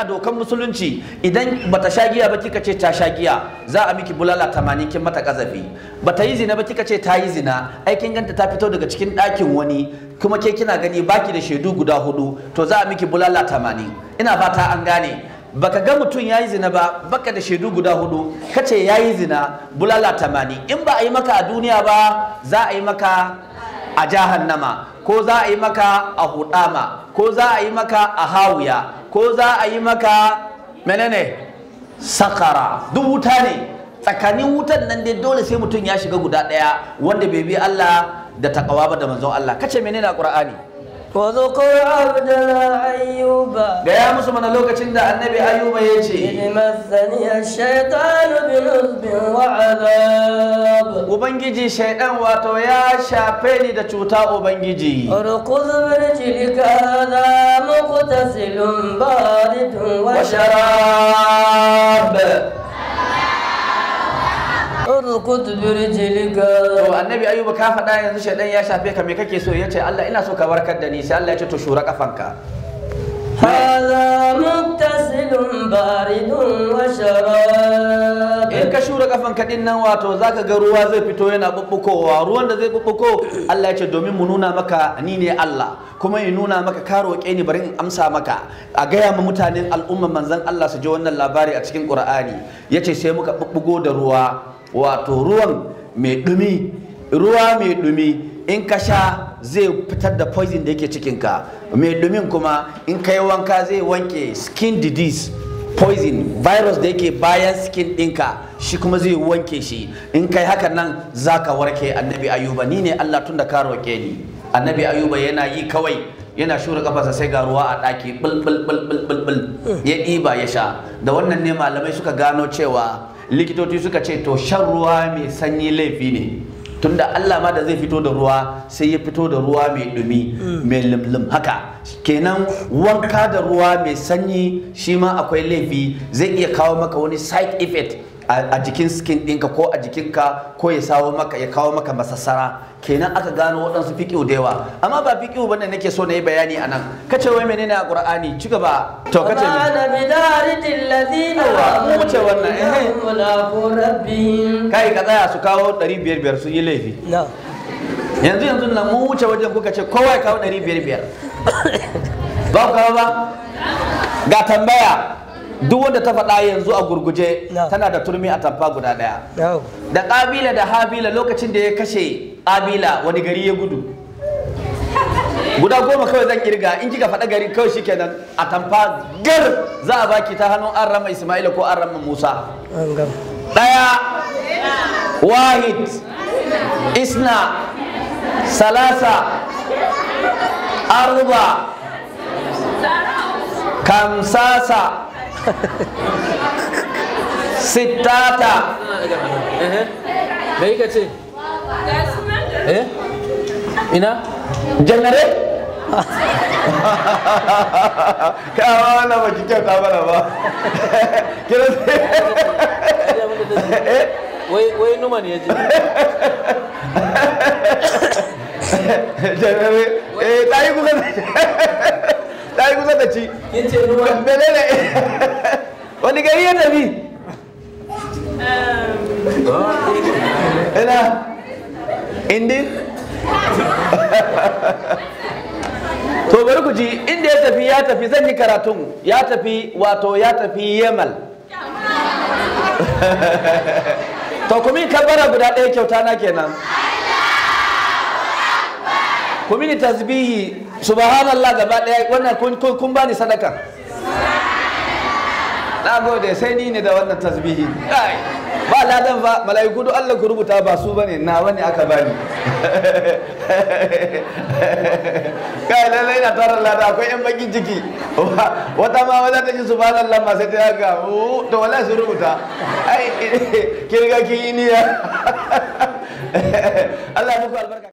a dokan musulunci idan bata sha giya ba kika ce ta sha giya za a miki bulala tamanin kin mata kazafi bata yi zina ba kika ce ta yi zina ai kin ganta ta fito daga cikin ɗakin wani kuma ke kina gani baki da shaidu guda hudu to za a miki bulala tamanin ina fata an gane baka ga mutum ya yi zina ba baka da shaidu guda hudu ya yi zina bulala tamanin in ba a yi maka a duniya ba za a yi maka a jahannama ko za a yi maka a hudama ko za a yi maka a hawuya. ko za a yi maka menene sakara duk wuta ne tsakanin wutan nan dai dole sai mutum ya shiga guda ɗaya wanda bai bi Allah da takawa ba da manzon Allah kace menene a Qur'ani zuqur عبد gaya musu mana lokacin da annabi ayuba ya ce ubangiji shaidan wato ya shafe ni da cuta ubangiji to annabi Ayuba ka faɗa yanzu shaidan ya shafe ka me kake so ya ce, Allah ina so ka warkar da ni sai Allah ya ce to shura kafanka هذا بارد وشراب in ka shura kafan kaɗin nan wato zaka ga ruwa zai fito yana bubbukowa ruwan da zai bubbuko Allah ya ce domin mu nuna maka ni ne Allah kuma ya nuna maka ka roƙe ni bari in amsa maka a gaya ma mutanen al'umma manzon Allah su ji wannan labari a cikin Qur'ani yace sai muka bubbugo da ruwa wato ruwan mai dumi ruwa mai dumi in ka sha zai fitar da poison da yake cikinka mai domin kuma in ka yi wanka zai wanke skin disease poison virus da yake bayan skin ɗinka shi kuma zai wanke shi in kai haka nan za ka warke annabi ayuba ni ne allah tun da ka roƙe ni annabi ayuba yana yi kawai yana shura kafarsa sai ga ruwa a ɗaki bul ya ɗiba ya sha da wannan ne malamai suka gano cewa likitoci suka ce to shan ruwa mai sanyi laifi ne tunda Allah ma da zai fito da ruwa sai ya fito da ruwa mai dumi mm. mai limlim haka kenan wanka da ruwa mai sanyi shi ma akwai laifi zai iya kawo maka wani side effect a jikin skin ɗinka ko a jikinka ko ya sawo maka ya kawo maka masassara kenan aka gano waɗansu fiƙiu da yawa amma ba fiƙiu bane nake so na yi bayani a nan kace wai menene a qur'ani ci gaba to kace ma da bidaridil ladina wa muce wannan eh kai ka tsaya su kawo 500 biyar sun yi laifi yanzu yanzu nan mu wuce wajen kuka ce kowa ya kawo 500 biyar ba ku kawo ba ga tambaya duk wanda ta faɗa yanzu a gurguje tana da turmi a tamfa guda ɗaya da ƙabila da habila lokacin da ya kashe ƙabila wani gari ya gudu guda goma kawai zan kirga in kika faɗa gari kawai shi kenan a tamfa gar za a baki ta hannun an rama ismaila ko an rama musa ɗaya wahid isna salasa arba kamsasa sittata da ce eh ina kawo kyauta ba kira sai eh? wai numa ne ya eh kuka ta yi kusa ta ci menene wani gari ya tafi ina indi to bari ku ji inda ya tafi ya tafi zan yi karatun ya tafi wato ya tafi yamal to kuma kabbara guda ɗaya kyauta na kenan ku mini tasbihi subhanallah gaba daya wannan kun kun bani sadaka na gode sai ni ne da wannan tasbihi kai ba ladan ba mala'iku duk Allah ku rubuta ba su bane na wani aka bani kai lalle ina tara lada akwai yan bakin ciki wata ma wata ta ji subhanallah ma sai ta ga to wallahi su rubuta ai kirga kin yi niyya Allah muku albarka